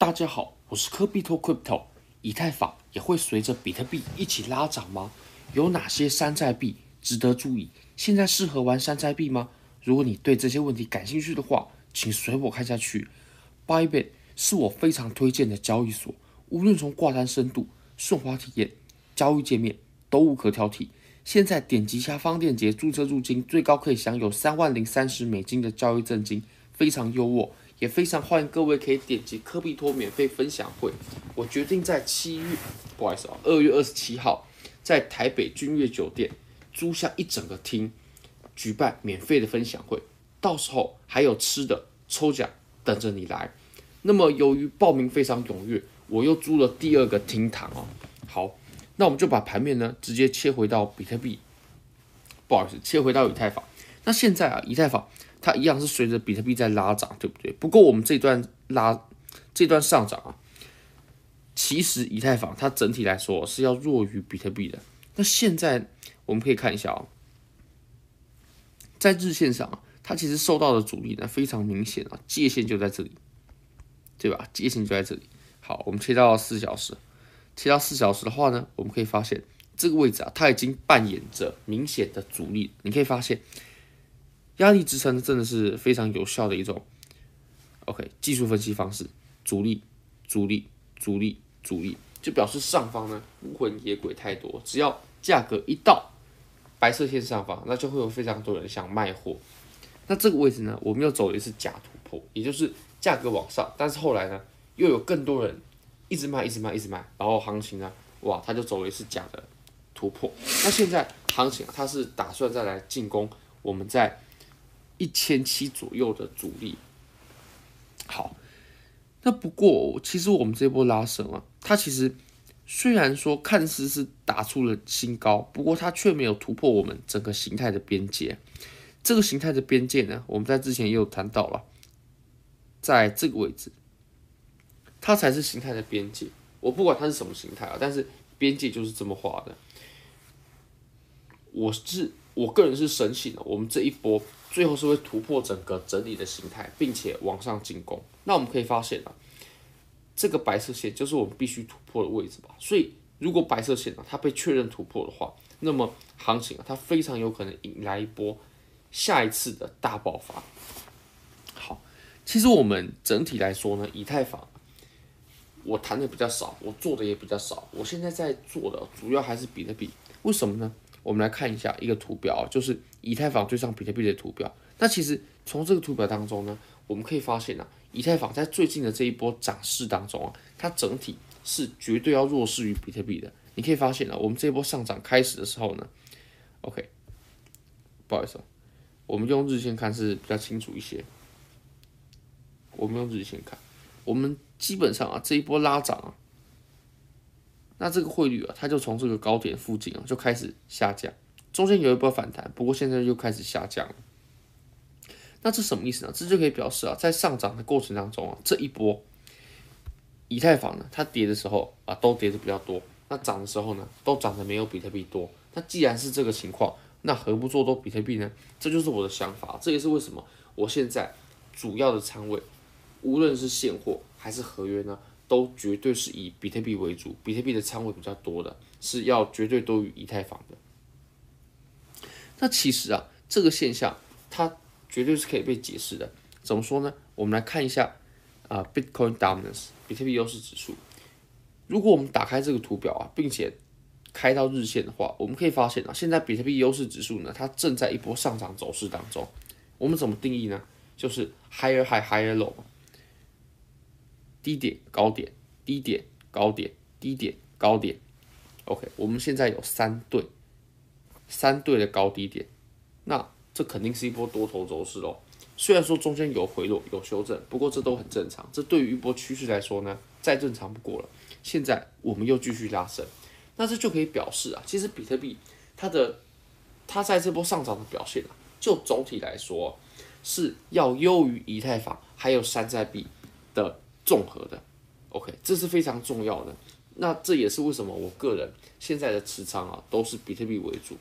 大家好，我是科比托 Crypto，以太坊也會隨着比特幣一起拉漲嗎？有哪些山寨幣值得注意？現在適合玩山寨幣嗎？如果你對這些問題感興趣的話，請隨我看下去。Bybit 是我非常推薦的交易所，無論從掛單深度、順滑體驗、交易界面都無可挑剔。現在點擊下方鏈接注冊入金，最高可以享有三萬零三十美金的交易贈金，非常優渥。也非常歡迎各位可以點擊科比托免費分享會，我決定在七月，不好意思啊，二月二十七號在台北君悅酒店租下一整個廳，舉辦免費的分享會，到時候還有吃的抽獎等着你來。那麼由於報名非常踴躍，我又租了第二個廳堂啊。好，那我們就把盤面呢直接切回到比特幣，不好意思，切回到以太坊。那現在啊，以太坊。它一樣是隨着比特幣在拉漲，對不對？不過我們這段拉，這段上漲啊，其實以太坊它整體來說是要弱於比特幣的。那現在我們可以看一下啊、哦，在日線上它其實受到的阻力呢非常明顯啊，界限就在這裡，對吧？界限就在這裡。好，我們切到了四小時，切到四小時的話呢，我們可以發現這個位置啊，它已經扮演着明顯的阻力，你可以發現。壓力支撐真的是非常有效的一種，OK 技術分析方式。阻力，阻力，阻力，阻力，就表示上方呢，孤魂野鬼太多，只要價格一到白色線上方，那就會有非常多人想賣貨。那這個位置呢，我們又走了一次假突破，也就是價格往上，但是後來呢又有更多人一直賣，一直賣，一直賣，然後行情呢，哇，它就走了一次假的突破。那現在行情它是打算再來進攻，我們在。一千七左右的阻力。好，那不過其實我們這波拉升啊，它其實雖然說看似是打出了新高，不過它卻沒有突破我們整個形態的邊界。這個形態的邊界呢，我們在之前也有談到了，在這個位置，它才是形態的邊界。我不管它是什麼形態啊，但是邊界就是這麼畫的。我是我個人是深信的，我們這一波。最後是會突破整個整理的形態，並且往上進攻。那我們可以發現呢、啊，這個白色線就是我們必須突破的位置吧。所以如果白色線呢、啊、它被確認突破的話，那麼行情啊，它非常有可能迎來一波下一次的大爆發。好，其實我們整體來說呢，以太坊我談的比較少，我做的也比較少。我現在在做的主要還是比特幣，為什麼呢？我們來看一下一個圖表啊，就是以太坊對上比特幣的圖表。那其實從這個圖表當中呢，我們可以發現啊，以太坊在最近的這一波漲勢當中啊，它整體是絕對要弱勢於比特幣的。你可以發現呢、啊，我們這一波上漲開始的時候呢，OK，不好意思，我們用日線看是比較清楚一些。我們用日線看，我們基本上啊這一波拉漲啊。那這個匯率啊，它就從這個高點附近啊就開始下降，中間有一波反彈，不過現在又開始下降了。那這什麼意思呢？這就可以表示啊，在上漲的過程當中啊，這一波以太坊呢，它跌的時候啊都跌的比較多，那漲的時候呢，都漲得沒有比特幣多。那既然是這個情況，那何不做多比特幣呢？這就是我的想法，這也是為什麼我現在主要的倉位，無論是現貨還是合約呢，都絕對是以比特幣為主，比特幣的倉位比較多的，是要絕對多於以太坊的。那其實啊，這個現象它絕對是可以被解釋的。怎麼說呢？我們來看一下啊，呃，Bitcoin Dominance（ 比特幣優勢指數）。如果我們打開這個圖表啊，並且開到日線的話，我們可以發現啊，現在比特幣優勢指數呢，它正在一波上漲走勢當中。我們怎麼定義呢？就是 higher high, higher low。低點高點低點高點低點高點，OK，我們現在有三對，三對的高低點，那這肯定是一波多頭走勢嘍。雖然說中間有回落有修正，不過這都很正常。這對於一波趨勢來說呢，再正常不過了。現在我們又繼續拉升，那這就可以表示啊，其實比特幣它的，它的，它在這波上漲的表現啊，就總體來說是要優於以太坊還有山寨幣的。綜合的，OK，這是非常重要的。那這也是為什麼我個人現在的持倉啊，都是比特幣為主，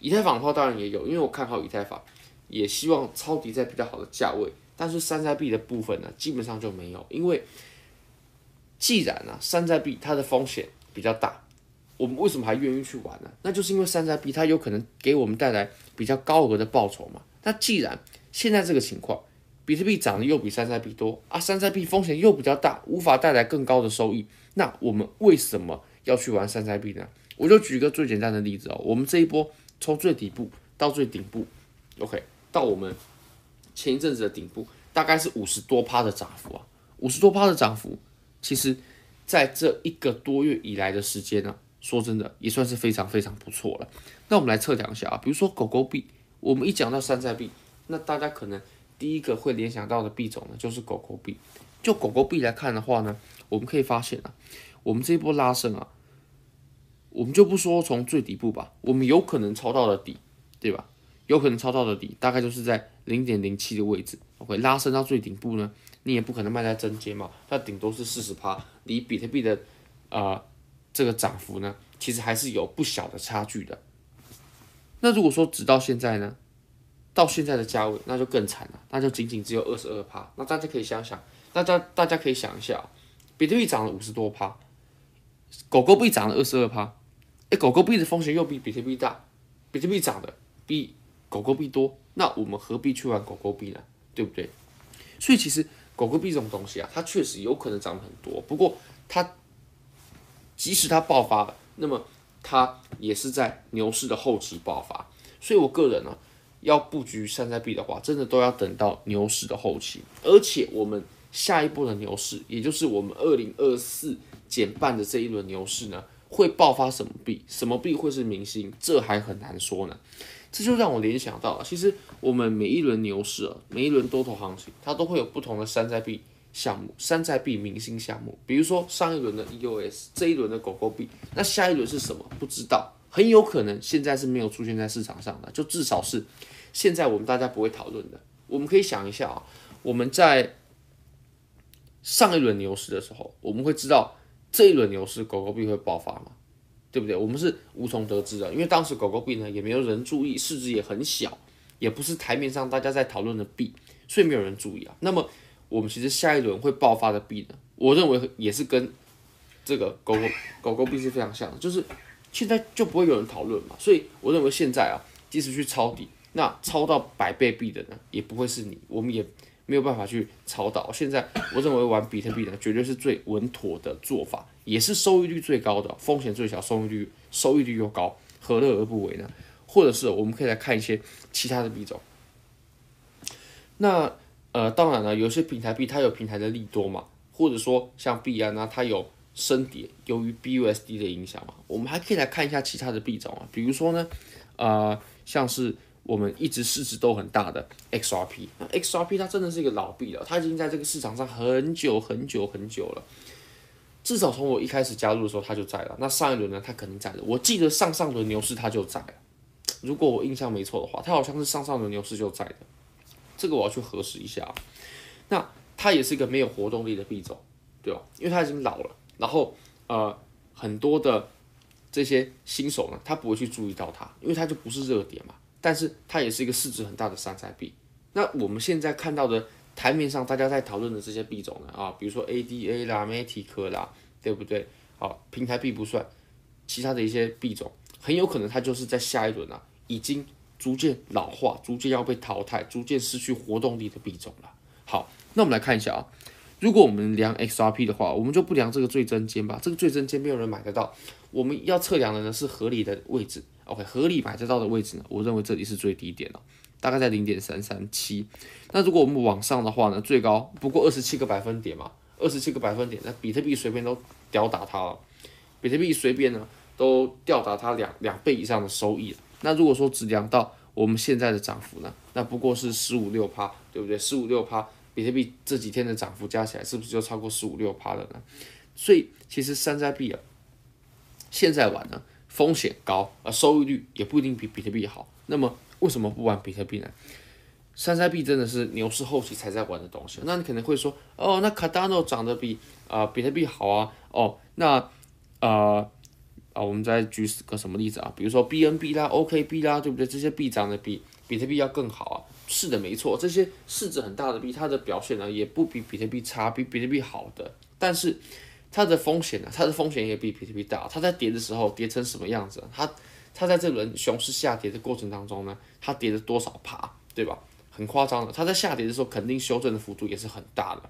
以太坊的話當然也有，因為我看好以太坊，也希望抄底在比較好的價位。但是山寨幣的部分呢，啊，基本上就沒有，因為既然啊，山寨幣它的風險比較大，我們為什麼還願意去玩呢？那就是因為山寨幣它有可能給我們帶來比較高額的報酬嘛。那既然現在這個情況，比特幣漲的又比山寨幣多啊，山寨幣風險又比較大，無法帶來更高的收益。那我們為什麼要去玩山寨幣呢？我就舉一個最簡單的例子哦，我們這一波從最底部到最頂部，OK，到我們前一陣子的頂部，大概是五十多趴的漲幅啊，五十多趴的漲幅，其實在這一個多月以來的時間呢，啊，說真的也算是非常非常不錯了。那我們來測量一下啊，比如說狗狗幣，我們一講到山寨幣，那大家可能。第一個會聯想到的幣種呢，就是狗狗幣。就狗狗幣來看的話呢，我們可以發現啊，我們這一波拉升啊，我們就不說從最底部吧，我們有可能抄到了底，對吧？有可能抄到了底，大概就是在零點零七的位置。OK，拉升到最頂部呢，你也不可能賣在真尖嘛，它頂多是四十趴，離比特幣的啊、呃、這個漲幅呢，其實還是有不小的差距的。那如果說直到現在呢？到現在的價位，那就更慘了，那就僅僅只有二十二趴。那大家可以想想，大家大家可以想一下，哦，比特幣漲了五十多趴，狗狗幣漲了二十二趴。誒，狗狗幣的風險又比比特幣大，比特幣漲的比狗狗幣多，那我們何必去玩狗狗幣呢？對不對？所以其實狗狗幣這種東西啊，它確實有可能漲很多，不過它即使它爆發了，那麼它也是在牛市的後期爆發。所以我個人呢，啊。要布局山寨幣的話，真的都要等到牛市的後期。而且我們下一步的牛市，也就是我們二零二四減半的這一輪牛市呢，會爆發什麼幣？什麼幣會是明星？這還很難說呢。這就讓我聯想到了，其實我們每一輪牛市啊，每一輪多頭行情，它都會有不同的山寨幣項目、山寨幣明星項目。比如說上一輪的 EOS，這一輪的狗狗幣，那下一輪是什麼？不知道。很有可能現在是沒有出現在市場上的，就至少是現在我們大家不會討論的。我們可以想一下啊，我們在上一輪牛市的時候，我們會知道這一輪牛市狗狗幣會爆發嗎？對不對？我們是無從得知的，因為當時狗狗幣呢也沒有人注意，市值也很小，也不是台面上大家在討論的幣，所以沒有人注意啊。那麼我們其實下一輪會爆發的幣呢，我認為也是跟這個狗狗狗狗幣是非常像的，就是。現在就不會有人討論嘛，所以我認為現在啊，即使去抄底，那抄到百倍幣的呢，也不會是你，我們也沒有辦法去抄到。現在我認為玩比特幣呢，絕對是最穩妥的做法，也是收益率最高的，風險最小，收益率收益率又高，何樂而不為呢？或者是我們可以來看一些其他的幣種。那呃，當然了，有些平台幣它有平台的利多嘛，或者說像幣安呢啊，它有。升跌，由於 BUSD 的影響嘛，我們還可以來看一下其他的幣種啊，比如說呢，呃，像是我們一直市值都很大的 XRP，那 XRP 它真的是一個老幣了，它已經在這個市場上很久很久很久了，至少從我一開始加入的時候它就在了。那上一輪呢，它肯定在的，我記得上上輪牛市它就在了，如果我印象沒錯的話，它好像是上上輪牛市就在的，這個我要去核實一下啊。那它也是一個沒有活動力的幣種，對吧？因為它已經老了。然後，呃，很多的這些新手呢，他不會去注意到它，因為它就不是熱點嘛。但是它也是一個市值很大的山寨幣。那我們現在看到的台面上大家在討論的這些幣種呢，啊，比如說 ADA 啦、MATIC 啦，對不對？好，啊，平台幣不算，其他的一些幣種，很有可能它就是在下一輪呢，啊，已經逐漸老化、逐漸要被淘汰、逐漸失去活動力的幣種了。好，那我們來看一下啊。如果我們量 XRP 的話，我們就不量這個最針尖吧，這個最針尖沒有人買得到。我們要測量的呢是合理的位置，OK，合理買得到的位置呢，我認為這裡是最低點了，大概在零點三三七。那如果我們往上的話呢，最高不過二十七個百分點嘛，二十七個百分點，那比特幣隨便都吊打它了，比特幣隨便呢都吊打它兩兩倍以上的收益。那如果說只量到我們現在的漲幅呢，那不過是十五六趴，對不對？十五六趴。比特幣這幾天的漲幅加起來，是不是就超過十五六趴了呢？所以其實山寨幣啊，現在玩呢風險高，而收益率也不一定比比特幣好。那麼為什麼不玩比特幣呢？山寨幣真的是牛市後期才在玩的東西。那你可能會說，哦，那卡達諾漲得比啊、呃、比特幣好啊，哦，那呃。啊，我們再舉個什麼例子啊？比如說 BNB 啦、OKB 啦，對不對？這些幣漲的比比特幣要更好啊？是的，沒錯，這些市值很大的幣，它的表現呢也不比比特幣差，比比特幣好的。但是它的風險呢，它的風險也比比特幣大。它在跌的時候跌成什麼樣子？它它在這輪熊市下跌的過程當中呢，它跌了多少趴，對吧？很誇張的，它在下跌的時候，肯定修正的幅度也是很大的。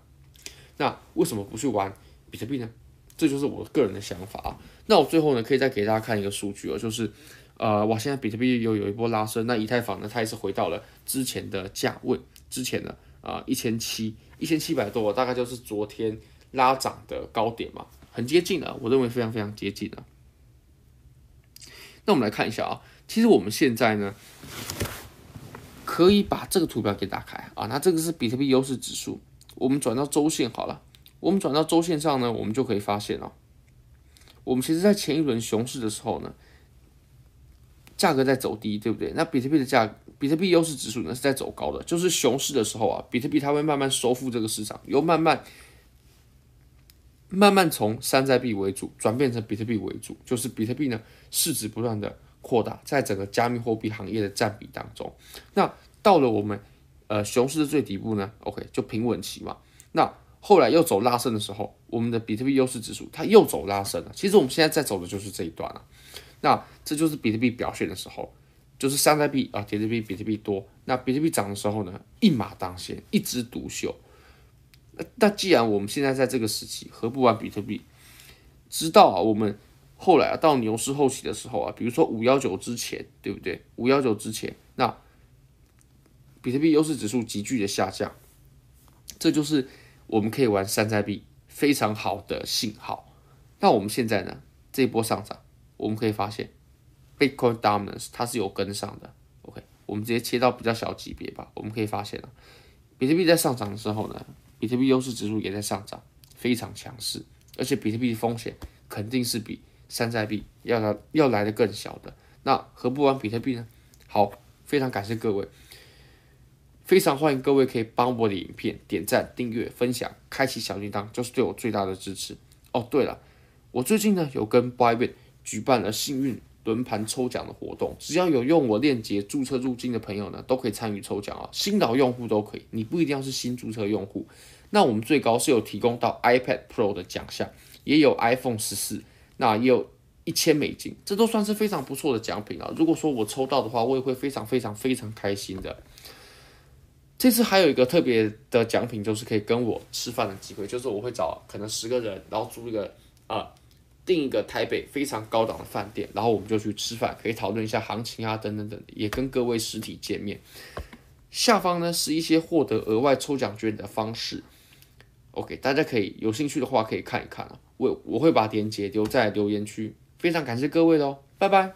那為什麼不去玩比特幣呢？這就是我個人的想法啊。那我最後呢，可以再給大家看一個數據啊，就是，呃，哇，現在比特幣又有一波拉升，那以太坊呢，它也是回到了之前的價位，之前的啊一千七一千七百多，大概就是昨天拉漲的高點嘛，很接近了，我認為非常非常接近了。那我們來看一下啊，其實我們現在呢，可以把這個圖表給打開啊，那這個是比特幣優勢指數，我們轉到周線好了。我們轉到週線上呢，我們就可以發現哦，我們其實在前一輪熊市的時候呢，價格在走低，對不對？那比特幣的價，比特幣優勢指數呢，是在走高的，就是熊市的時候啊，比特幣它會慢慢收復這個市場，又慢慢慢慢從山寨幣為主轉變成比特幣為主，就是比特幣呢市值不斷的擴大，在整個加密貨幣行業的占比當中，那到了我們呃熊市的最底部呢，OK，就平穩期嘛，那。後來又走拉升的時候，我們的比特幣優勢指數它又走拉升了。其實我們現在在走的就是這一段了，那這就是比特幣表現的時候，就是山寨幣啊、比特幣、比特幣多。那比特幣漲的時候呢，一馬當先，一枝獨秀。那那既然我們現在在這個時期，何不玩比特幣？直到啊，我們後來、啊、到牛市後期的時候啊，比如說五幺九之前，對不對？五幺九之前，那比特幣優勢指數急劇的下降，這就是。我們可以玩山寨幣，非常好的信號。那我們現在呢？這波上漲，我們可以發現，Bitcoin Dominance 它是有跟上的。OK，我們直接切到比較小級別吧。我們可以發現啊，比特幣在上漲的時候呢，比特幣優勢指數也在上漲，非常強勢。而且比特幣的風險肯定是比山寨幣要來要來得更小的。那何不玩比特幣呢？好，非常感謝各位。非常歡迎各位可以幫我的影片點讚、訂閱、分享、開啟小鈴鐺，就是對我最大的支持哦。對了，我最近呢有跟 Bybit 舉辦了幸運輪盤抽獎的活動，只要有用我鏈接注冊入金的朋友呢，都可以參與抽獎啊，新老用戶都可以，你不一定要是新注冊用戶。那我們最高是有提供到 iPad Pro 的獎項，也有 iPhone 十四，那也有一千美金，這都算是非常不錯的獎品啊。如果說我抽到的話，我也會非常非常非常開心的。這次還有一個特別的獎品，就是可以跟我吃飯的機會。就是我會找可能十個人，然後租一個啊，訂、呃、一個台北非常高檔的飯店，然後我們就去吃飯，可以討論一下行情啊，等等等等，也跟各位實體見面。下方呢是一些獲得額外抽獎券的方式。OK，大家可以有興趣的話可以看一看啊，我我會把鏈接留在留言區，非常感謝各位嘍，拜拜。